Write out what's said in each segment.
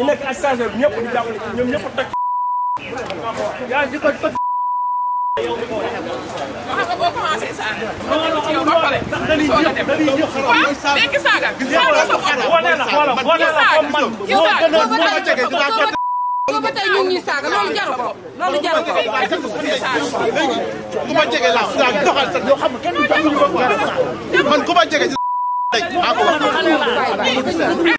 ñu nekk ak stagiaire bi ñëpp ñu jàppale ci ñoom ñëpp toj. yaa ngi ko toj. yow mi ko wax nga boo commencé saaga. ci yow ba pare soog a dem waaw dégg saaga. saaga sa bopp boo nee na xoolal boo nee na comme man. yow daal boo ba tey boo ba tey ñun ñuy saaga loolu jaru ko loolu jaru ko. ku ma jege laa saaga doxal sa yoo xam ne kenn du ko man ku ma jege si.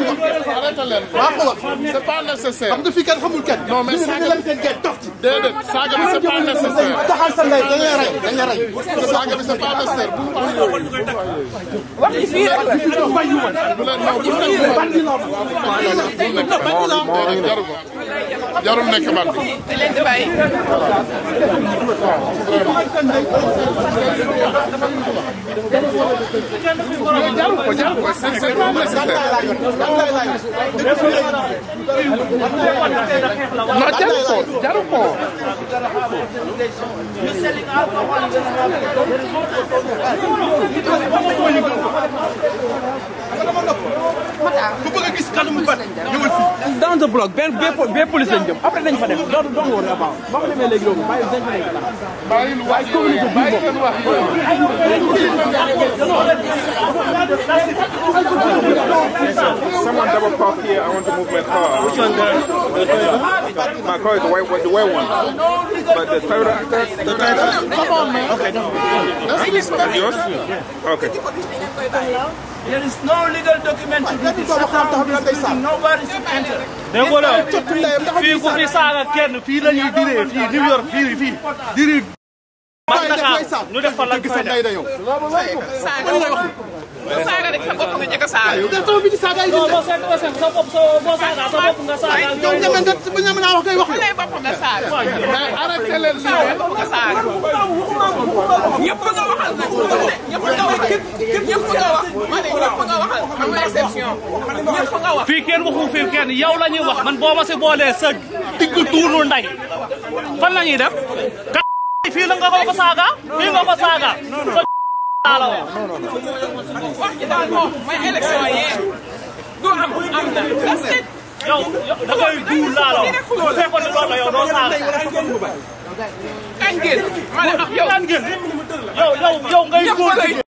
arrêté leen ko. waaw waaw c'est pas nécessaire. xam nga fii kenn xamul kenn. non mais saaga bi seen gerte toog ci. déedéet saaga bi c'est pas nécessaire. taxal sa ndey dañuy rey dañuy rey. saaga bi c'est pas nécessaire bu mu wax yooyu. wax ci fii rek la wax ci fii rek la. non non jarul ko jarul nekk ban bi. da leen di bàyyi. jaru ko jaru ko on the block benn bee police lañ jëm après dañ fa dem loolu dong woon nga baax boo ko demee léegi loolu bàyyi dañ fa nekk daal. bàyyi lu wax yooyu bàyyi lu wax yooyu. Someone double park here. I want to move my car. Which one? The Toyota. My car is the white one, the white one. But the Toyota. The Toyota. Come on, man. Okay, no. That's yours. Okay. There is no legal document to do this. Nobody should enter. dégg nga loolu fii ku fi saaga kenn fii la ñuy diree fii New York fii fii diri. man naka ñu def fa lañ koy def saaga saaga rek sa bopp nga njëkk a saaga. yow bi di saaga yi dindi. sa bopp sa boo saaga sa bopp nga saaga. ñoom ñeme nga bu ñeme naa wax ngay wax. waaw arrêté leen lii ñëpp a waxal nag ñëpp nga wax ñëpp wax yow la ñuy wax man boo ma si boolee sa digg tuunu nday fan la ñuy def. fii la nga ko ko saaga fii nga saaga. wax ji daal yow da koy duul laa la bu fekkoon ne loolu la yow doo saaga. yow yow yow ngay góor